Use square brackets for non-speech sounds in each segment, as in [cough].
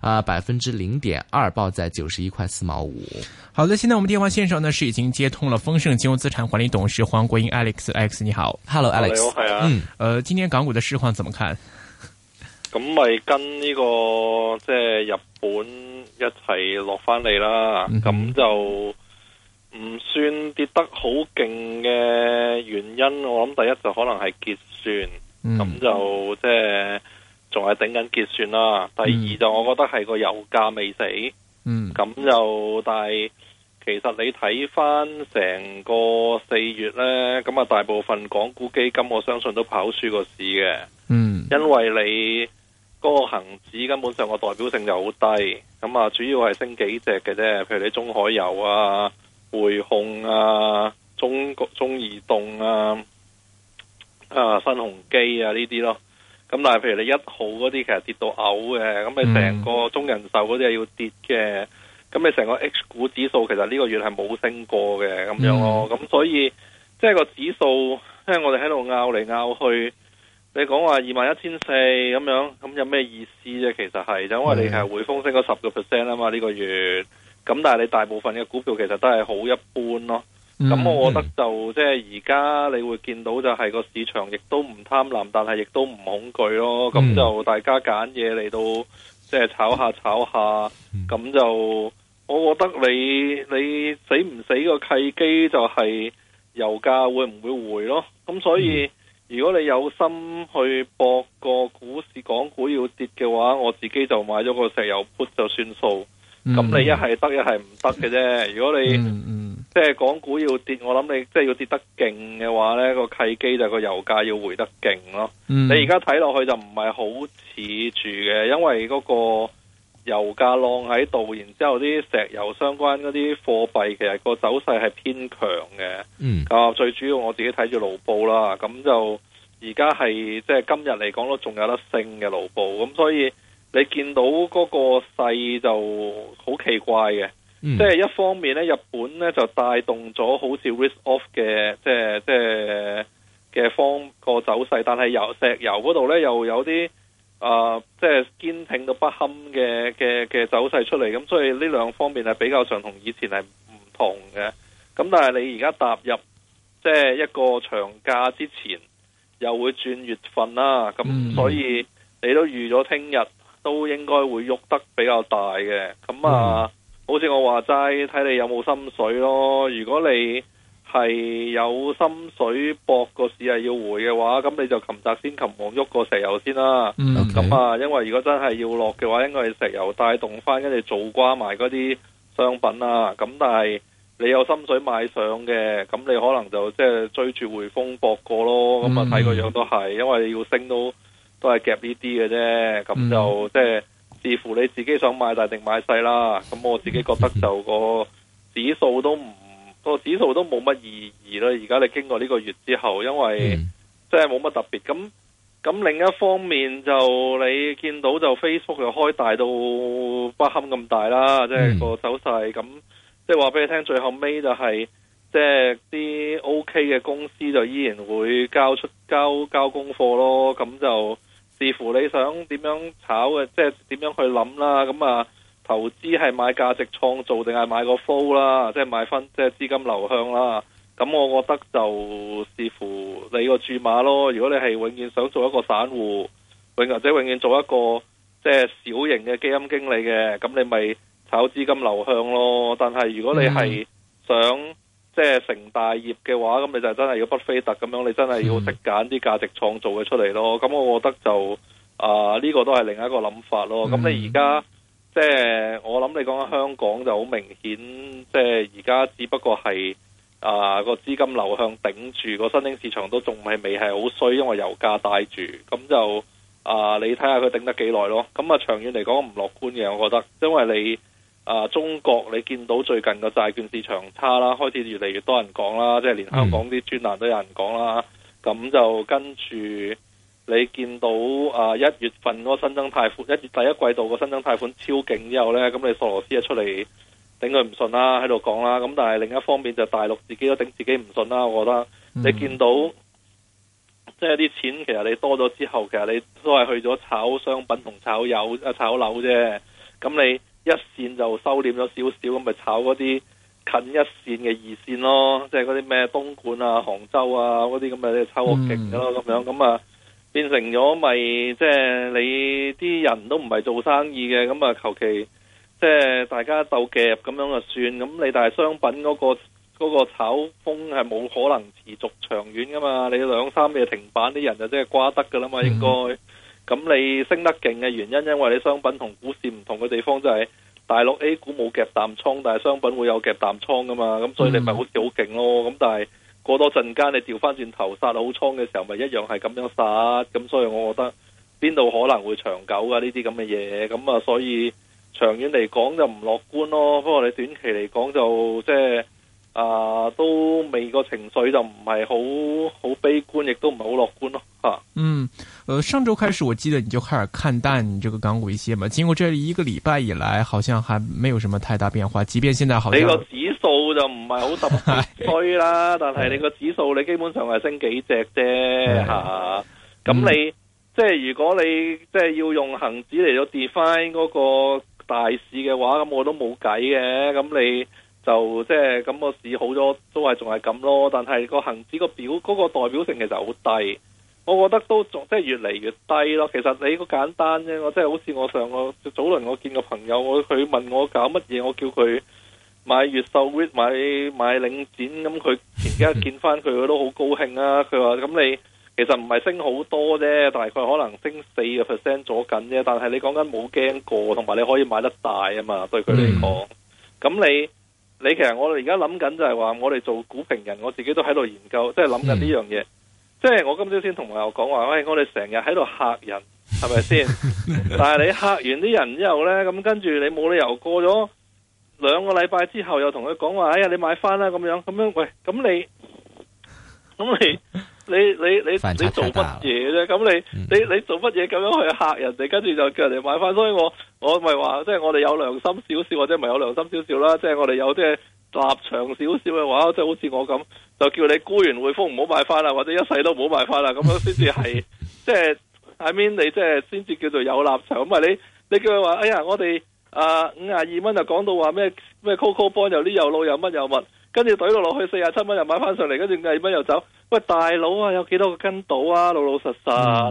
啊，百分之零點二，報在九十一塊四毛五。好的，現在我們電話線上呢是已經接通了豐盛金融資產管理董事黃國英 Alex，Alex Alex，你好，Hello，Alex，係啊，Hello, Alex，嗯，誒，今天港股的市況怎麼看？咁咪跟呢、呢個即係日本一齊落翻嚟啦，咁、嗯、哼就唔算跌得好勁嘅原因，我諗第一就可能係結算，咁、嗯、就即係。仲係整緊結算啦、啊，第二就我覺得係個油價未死，咁、嗯、就但係其實你睇翻成個四月呢，咁啊大部分港股基金我相信都跑輸個市嘅，嗯，因為你嗰個恒指根本上個代表性就好低，咁啊主要係升幾隻嘅啫，譬如你中海油啊、匯控啊、中國中移動啊、啊新鴻基啊呢啲咯。咁但係譬如你一號嗰啲，其實跌到嘔嘅，咁你成個中人壽嗰啲係要跌嘅，咁、嗯、你成個 H 股指數其實呢個月係冇升過嘅，咁、嗯、樣咯，咁所以即係、即係、個指數，聽我哋喺度拗嚟拗去，你講話二萬一千四咁樣，咁有咩意思啫？其實係，因為你係匯豐升咗十個 percent 啊嘛，呢、呢個月，咁但係你大部分嘅股票其實都係好一般咯。咁、嗯、我覺得就即係而家你會見到就係個市場亦都唔貪婪，但係亦都唔恐懼咯。咁就大家揀嘢嚟到即係炒下炒下，咁就我覺得你你死唔死個契機就係油價會唔會回咯？咁所以如果你有心去博個股市港股要跌嘅話，我自己就買咗個石油 put 就算數。咁、嗯、你一係得一係唔得嘅啫。如果你嗯、嗯即係港股要跌，我諗你即係要跌得勁嘅話，呢個契機就係個油價要回得勁咯。嗯、你而家睇落去就唔係好似住嘅，因為嗰個油價晾喺度，然之後啲石油相關嗰啲貨幣其實個走勢係偏強嘅。啊、嗯，最主要我自己睇住盧布啦，咁就而家係即係今日嚟講都仲有得升嘅盧布，咁、就是、所以你見到嗰個勢就好奇怪嘅。嗯、即係一方面呢，日本呢就帶動咗好似 risk off 嘅，即係即係嘅方個走勢。但係由石油嗰度呢，又有啲、呃、即係堅挺到不堪嘅嘅嘅走勢出嚟。咁所以呢兩方面係比較上同以前係唔同嘅。咁但係你而家踏入即係一個長假之前，又會轉月份啦、啊。咁所以你都預咗聽日都應該會喐得比較大嘅。咁啊。嗯好似我話齋，睇你有冇心水咯。如果你係有心水博個市係要回嘅話，咁你就擒賊先，擒王喐個石油先啦。咁、嗯、啊，的因為如果真係要落嘅話，應該係石油帶動翻，跟住做瓜埋嗰啲商品啊。咁但係你有心水買上嘅，咁你可能就即係追住回風博過咯。咁啊、嗯，睇個樣都係，因為你要升都都係夾呢啲嘅啫。咁就、嗯、即係。視乎你自己想買大定買細啦，咁我自己覺得就個指數都唔個指數都冇乜意義啦。而家你經過呢個月之後，因為即係冇乜特別。咁咁另一方面就你見到就 Facebook 又開大到不堪咁大啦，即係個走勢。咁即係話俾你聽，最後尾就係即係啲 OK 嘅公司就依然會交出交交功課咯。咁就。視乎你想點樣炒嘅，即係點樣去諗啦。咁啊，投資係買價值創造定係買個 flow 啦，即係買翻即係資金流向啦。咁我覺得就視乎你個注碼咯。如果你係永遠想做一個散戶，永或者永遠做一個即係小型嘅基金經理嘅，咁你咪炒資金流向咯。但係如果你係想，即係成大業嘅話，咁你就真係要巴菲特咁樣，你真係要識揀啲價值創造嘅出嚟咯。咁我覺得就啊，呢、呃呢個都係另一個諗法咯。咁、嗯嗯嗯、你而家即係我諗你講緊香港就好明顯，即係而家只不過係啊個資金流向頂住個新興市場都仲係未係好衰，因為油價帶住。咁就啊、呃，你睇下佢頂得幾耐咯。咁啊，長遠嚟講唔樂觀嘅，我覺得，因為你。啊！中國你見到最近嘅債券市場差啦，開始越嚟越多人講啦，即係連香港啲專欄都有人講啦。咁、嗯、就跟住你見到啊一月份嗰個新增貸款，一月第一季度個新增貸款超勁之後呢，咁你索羅斯一出嚟頂佢唔順啦，喺度講啦。咁但係另一方面就大陸自己都頂自己唔順啦。我覺得你見到、嗯、即係啲錢其實你多咗之後，其實你都係去咗炒商品同炒有啊炒樓啫。咁你一線就收斂咗少少，咁咪炒嗰啲近一線嘅二線咯，即係嗰啲咩東莞啊、杭州啊嗰啲咁嘅抽極㗎咯，咁、嗯、樣咁啊，變成咗咪即係你啲人都唔係做生意嘅，咁啊求其即係大家鬥夾咁樣就算，咁你但係商品嗰、嗰個嗰個炒風係冇可能持續長遠噶嘛，你兩三嘢停板啲人就即係瓜得噶啦嘛，嗯、應該。咁你升得勁嘅原因，因為你商品同股市唔同嘅地方就係大陸 A 股冇夾淡倉，但係商品會有夾淡倉噶嘛，咁所以你咪好似好勁咯。咁但係過多陣間你調翻轉頭殺好倉嘅時候，咪一樣係咁樣殺。咁所以我覺得邊度可能會長久啊？呢啲咁嘅嘢，咁啊，所以長遠嚟講就唔樂觀咯。不過你短期嚟講就即係。啊，都未個情緒就唔係好好悲觀，亦都唔係好樂觀咯，吓。嗯，誒、呃，上周開始我記得你就開始看淡這個港股一些嘛。經過這一個禮拜以來，好像還沒有什麼太大變化。即便現在好像，好你個指數就唔係好特別衰啦， [laughs] 但係你個指數你基本上係升幾隻啫，吓、 [laughs] 嗯。咁、啊、你、嗯、即係如果你即係要用恒指嚟到 define 嗰個大市嘅話，咁我都冇計嘅。咁你。就即係咁，個市好咗，都係仲係咁咯。但係個恒指個表嗰，個代表性其實好低，我覺得都仲即係越嚟越低咯。其實你個、欸、簡單啫，我即係好似我上個早輪我見個朋友，我佢問我搞乜嘢，我叫佢買越秀，買買，買領展。咁佢而家見翻佢，佢都好高興啊。佢話咁你其實唔係升好多啫，大概可能升四個 percent 左右啫。但係你講緊冇驚過，同埋你可以買得大啊嘛。對佢嚟講，咁，嗯、你。你，其實我哋而家諗緊就係話，我哋做股評人，我自己都喺度研究，就是想這嗯、即係諗緊呢樣嘢。即係我今朝先同朋友講話，喂，我哋成日喺度吓人，係咪先？ [laughs] 但係你吓完啲人之後呢，咁跟住你冇理由過咗兩個禮拜之後又同佢講話，哎呀，你買翻啦，咁樣，咁樣，喂，咁你，咁你。 [laughs] 你你你你做乜嘢啫？咁你你你做乜嘢咁樣去嚇人哋？跟住就叫人哋買翻。所以我我咪話即係我哋有良心少少，或者唔係有良心少少啦。即係我哋有啲立場少少嘅話，即係好似我咁，就叫你沽完匯豐唔好買翻啦，或者一世都唔好買翻啦。咁先至係即係，I mean, 你即係先至叫做有立場。咁你你叫佢話哎呀，我哋啊五呀二蚊就講到話咩咩 Coco Bond 有啲有路有乜有乜。跟住懟落落去四十七蚊又買翻上嚟，跟住廿蚊又走。喂，大佬啊，有幾多個跟到啊？老老實實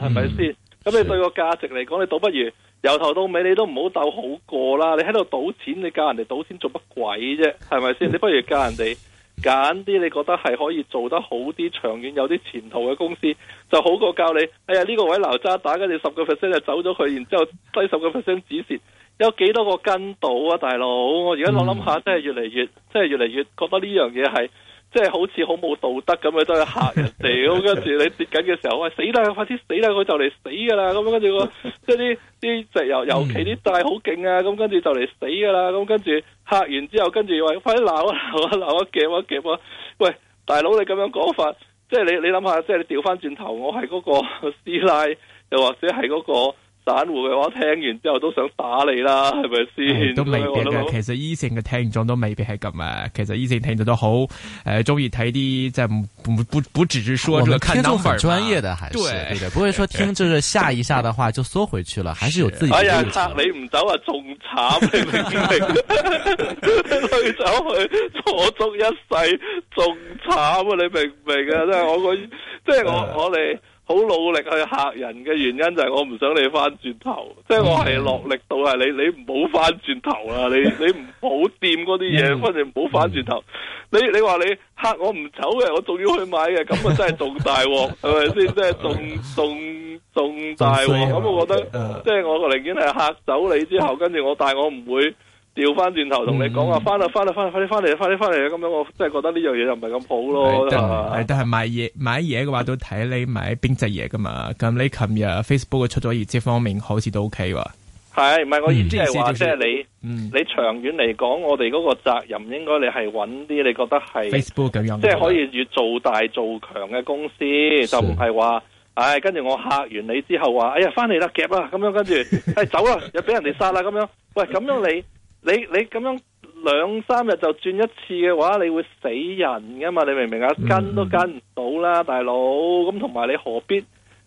係咪先？咁、嗯、你對個價值嚟講，你倒不如由頭到尾你都唔好鬥好過啦。你喺度賭錢，你教人哋賭錢做乜鬼啫？係咪先？你不如教人哋揀啲你覺得係可以做得好啲、長遠有啲前途嘅公司，就好過教你。哎呀，呢、這個位撈渣打，跟住十個 percent 就走咗佢，然之後低十個 percent 止蝕。有幾多個跟到啊，大佬！我而家諗諗下，真係越嚟越，真係越嚟越覺得呢樣嘢係，即係好似好冇道德咁樣，都係嚇人哋 [laughs] 跟住你跌緊嘅時候，喂死啦！快啲死啦！佢就嚟死噶啦！咁跟住個即係啲啲石油，尤其啲大好勁啊！咁跟住就嚟死噶啦！咁跟住嚇完之後，跟住又話快啲鬧啊鬧啊鬧啊夾啊夾啊！喂，大佬你咁樣講法，即係你你諗下，即係你掉翻轉頭，我係嗰個師奶，又或者係嗰個。散戶嘅話，聽完之後都想打你啦，係咪先？都未必啊。都其實 Eason 嘅聽眾都未必係咁啊。其實 Eason 聽到都好，誒、呃，中意睇啲，即係唔唔唔只是說，聽、這個、看到專業的，還是對對，不會說聽就是下一下嘅話就縮回去了，對還是有自己。哎呀，吓你唔走啊，仲慘，你明唔明？退走 [laughs] [laughs] 去坐足一世，仲慘啊！你明唔明啊？ [laughs] 即係我個， [laughs] 即係我、呃、我哋。我好努力去嚇人嘅原因就係我唔想你翻轉頭，即係我係落力到係你，你唔好翻轉頭啦，你你唔好掂嗰啲嘢，反正唔好翻轉頭。 [laughs] 你你話你嚇我唔走嘅，我仲要去買嘅，咁啊真係仲大鑊，係咪先？真係仲仲仲大鑊，咁我覺得即係我寧願係嚇走你之後，跟住我但係我唔會。掉翻轉頭同你講啊，翻啦翻啦翻啦快啲翻嚟啊，快啲翻嚟啊！咁樣我真係覺得呢樣嘢就唔係咁好咯。都、嗯、吧但係買嘢買嘢嘅話，都睇你買邊隻嘢㗎嘛。咁你琴日 Facebook 出咗業績方面，好似都 OK 喎。係唔係？我意思係話，即係、嗯、你，嗯、你長遠嚟講，我哋嗰個責任應該你係揾啲你覺得係 Facebook 咁這樣，即係可以越做大做強嘅公司，是就唔係話唉，跟住我吓完你之後話，哎呀，翻嚟啦，夾啦、啊，咁樣跟住，哎，走啦、啊，又俾人哋殺啦，咁樣。喂，咁樣你？ [laughs] 你你咁樣兩三日就轉一次嘅話，你會死人噶嘛？你明唔明啊？跟都跟唔到啦，大佬。咁同埋你何必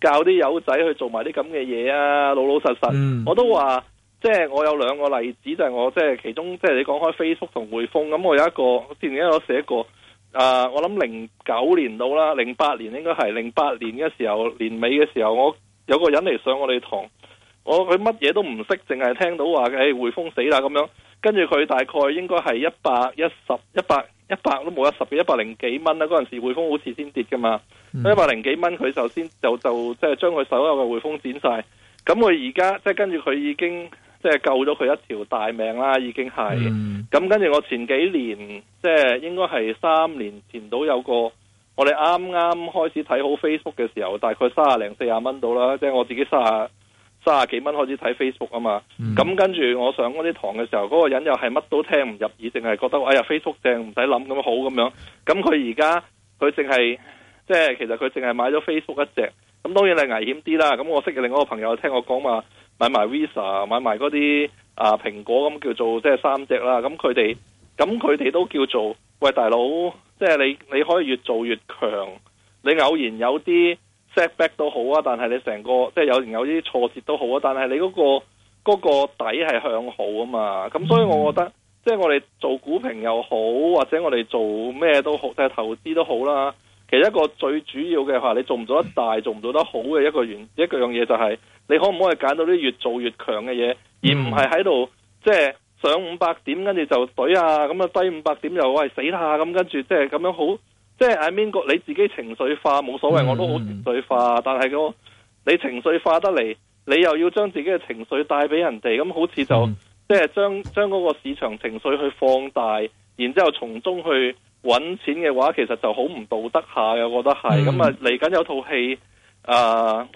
教啲友仔去做埋啲咁嘅嘢啊？老老實實，嗯、我都話即係我有兩個例子，就係、是、我即係其中即係、就是、你講開 Facebook 同匯豐咁，我有一個之前我寫一個啊，我諗零九年到啦，零八年應該係零八年嘅時候，年尾嘅時候，我有個人嚟上我哋堂。我佢乜嘢都唔識，淨係聽到話誒匯豐死啦咁樣，跟住佢大概應該係一百一十、一百一百都冇，一十嘅一百零幾蚊啦。嗰陣時匯豐好似先跌噶嘛，一百零幾蚊佢就先就就，就，即係，即係將佢所有嘅匯豐剪晒。咁佢而家即係跟住佢已經即係救咗佢一條大命啦，已經係咁。跟住、嗯、我前幾年即係應該係三年前到有個我哋啱啱開始睇好 Facebook 嘅時候，大概三十零四十蚊到啦，即係我自己三十。卅幾蚊開始睇 Facebook 啊嘛，咁、嗯、跟住我上嗰啲堂嘅時候，嗰、嗰個人又係乜都聽唔入耳，淨係覺得哎呀 Facebook 正唔使諗咁好咁樣。咁佢而家佢淨係即係其實佢淨係買咗 Facebook 一隻，咁當然係危險啲啦。咁我識嘅另外一個朋友聽我講話買埋 Visa 買埋嗰啲啊蘋果咁，叫做即係三隻啦。咁佢哋咁佢哋都叫做喂，大佬，即係你你可以越做越強，你偶然有啲。setback 都好啊，但係你成個即係有有啲挫折都好啊，但係你嗰、那個、那個底係向好啊嘛，咁所以我覺得、mm. 即係我哋做股評又好，或者我哋做咩都好，即係投資都好啦。其實一個最主要嘅話，你做唔做得大，做唔做得好嘅一個原，一個樣嘢就係、是、你可唔可以揀到啲越做越強嘅嘢，mm. 而唔係喺度即係上五百點跟住就懟啊，咁啊低五百點又喂死啦咁，跟住即係咁樣好。即係阿邊個你自己情緒化冇所謂，我都好情緒化。嗯、但係個你情緒化得嚟，你又要將自己嘅情緒帶俾人哋，咁好似就、嗯、即係將將嗰個市場情緒去放大，然之後從中去搵錢嘅話，其實就好唔道德下嘅，我覺得係。咁啊嚟緊有套戲、呃、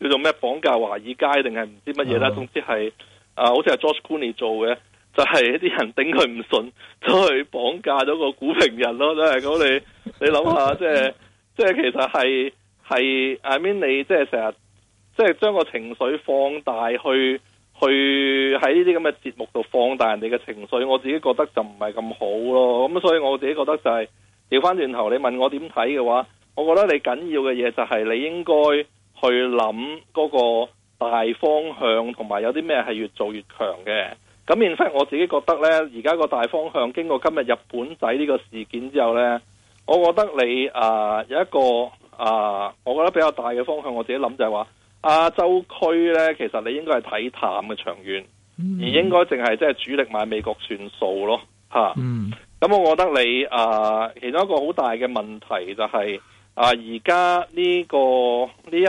叫做咩綁架華爾街定係唔知乜嘢啦，嗯、總之係、呃、好似係 George Clooney 做嘅。就係一啲人頂佢唔順，都去綁架咗個股評人咯。真係咁，你你諗下，即係即係其實係係阿 Min 你即係成日即係將個情緒放大去去喺呢啲咁嘅節目度放大人哋嘅情緒。我自己覺得就唔係咁好咯。咁所以我自己覺得就係調翻轉頭，你問我點睇嘅話，我覺得你緊要嘅嘢就係你應該去諗嗰個大方向，同埋有啲咩係越做越強嘅。咁，反翻我自己覺得呢，而家個大方向經過今日日本仔呢個事件之後呢，我覺得你啊、呃、有一個啊、呃，我覺得比較大嘅方向，我自己諗就係話亞洲區呢，其實你應該係睇淡嘅長遠，而應該淨係即係主力買美國算數咯，嚇、啊。咁我覺得你啊、呃，其中一個好大嘅問題就係、是、啊，而家呢個呢一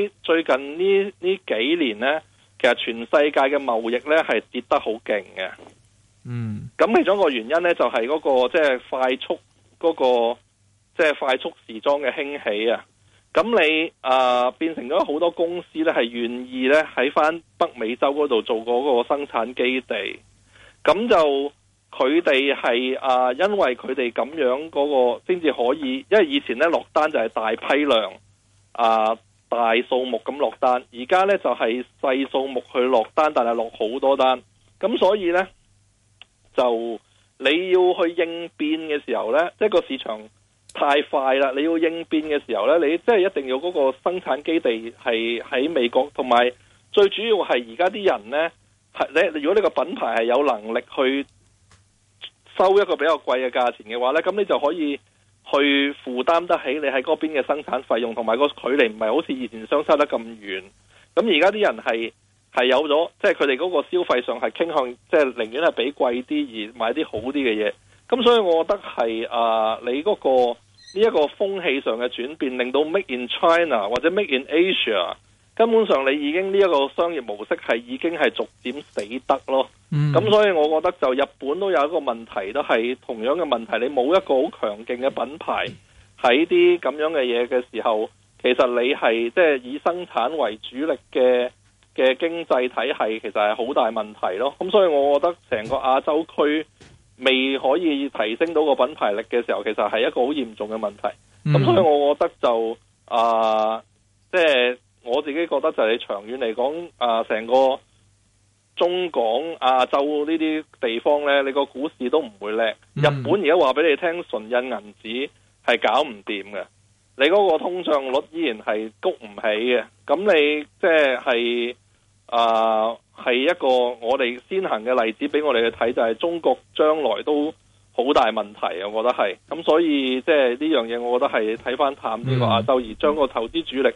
呢最近呢呢幾年呢。其實全世界嘅貿易呢係跌得好勁嘅，嗯，咁其中一個原因呢，就係嗰個即係快速嗰個即係快速時裝嘅興起啊，咁你啊變成咗好多公司呢，係願意呢喺翻北美洲嗰度做嗰個生產基地，咁就佢哋係啊因為佢哋咁樣嗰個先至可以，因為以前呢，落單就係大批量啊。呃大數目咁落單，而家呢就係細數目去落單，但係落好多單，咁所以呢，就你要去應變嘅時候呢，即係個市場太快啦，你要應變嘅時候呢，你即係一定要嗰個生產基地係喺美國，同埋最主要係而家啲人呢，係你如果你個品牌係有能力去收一個比較貴嘅價錢嘅話呢，咁你就可以。去負擔得起你喺嗰邊嘅生產費用，同埋個距離唔係好似以前相差得咁遠。咁而家啲人係係有咗，即係佢哋嗰個消費上係傾向，即係寧願係俾貴啲而買啲好啲嘅嘢。咁所以我覺得係啊，你嗰個呢一個風氣上嘅轉變，令到 Made in China 或者 Made in Asia 根本上你已經呢一個商業模式係已經係逐漸死得咯。咁、嗯、所以，我覺得就日本都有一個問題，都係同樣嘅問題。你冇一個好強勁嘅品牌喺啲咁樣嘅嘢嘅時候，其實你係即係以生產為主力嘅嘅經濟體系，其實係好大問題咯。咁所以，我覺得成個亞洲區未可以提升到個品牌力嘅時候，其實係一個好嚴重嘅問題。咁所以，我覺得就啊，即、呃、係、就是、我自己覺得就係你長遠嚟講啊，成、呃、個。中港亞洲呢啲地方咧，你個股市都唔會叻。嗯、日本而家話俾你聽，純印銀紙係搞唔掂嘅。你嗰個通脹率依然係谷唔起嘅。咁你即係啊，係、就是呃、一個我哋先行嘅例子俾我哋去睇，就係、是、中國將來都好大問題啊，我覺得係。咁所以即係呢樣嘢，我覺得係睇翻探呢個亞洲，嗯、而將個投資主力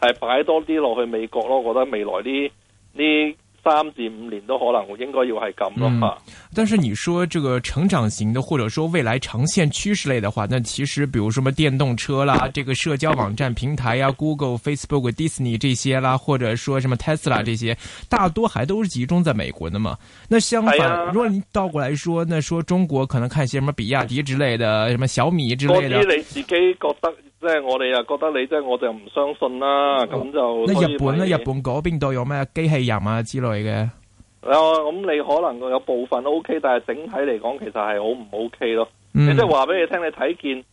係擺多啲落去美國咯。我覺得未來呢呢。嗯三至五年都可能，應該要係咁咯吓。但是你說這個成長型的，或者說未來呈現趨勢類的話，那其實比如什麼電動車啦，這個社交網站平台啊，Google、Facebook、Disney 這些啦，或者說什麼 Tesla 這些，大多還都是集中在美國的嘛。那相反，啊、如果你倒過來說，那說中國可能看些什麼比亞迪之類的，什麼小米之類的。你自己覺得即係我哋又覺得你即係我就唔相信啦，咁、哦、就你。咧日本咧，日本嗰邊度有咩機器人啊之類嘅。啊，咁你可能有部分 OK，但係整體嚟講，其實係好唔 O K 咯。你即係話俾你聽，你睇見，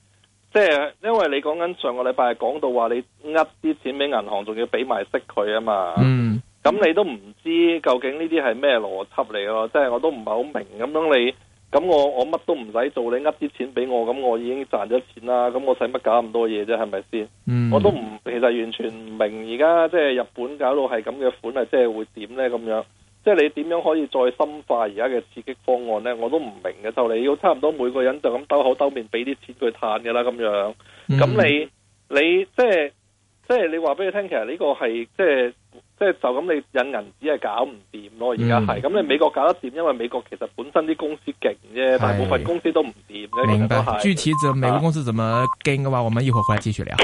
即係因為你講緊上個禮拜係講到話你呃啲錢俾銀行，仲要俾埋息佢啊嘛。嗯。咁你都唔知究竟呢啲係咩邏輯嚟咯？即係我都唔係好明。咁樣你。咁我我乜都唔使做，你呃啲錢俾我，咁我已經賺咗錢啦。咁我使乜搞咁多嘢啫？係咪先？Mm hmm. 我都唔，其實完全唔明，而家即係日本搞到係咁嘅款啊，即係會點呢？咁樣，即係你點樣可以再深化而家嘅刺激方案呢？我都唔明嘅，就你要差唔多每個人就咁兜口兜面俾啲錢佢嘆嘅啦，咁樣。Mm hmm. 咁你你即係即係你話俾佢聽，其實呢個係即係。即係就咁，你印銀紙係搞唔掂咯，而家係咁。嗯、你美國搞得掂，因為美國其實本身啲公司勁啫，哎、大部分公司都唔掂咧。明白，具體怎美國公司怎麼跟嘅話，啊、我們一會兒回來繼續聊。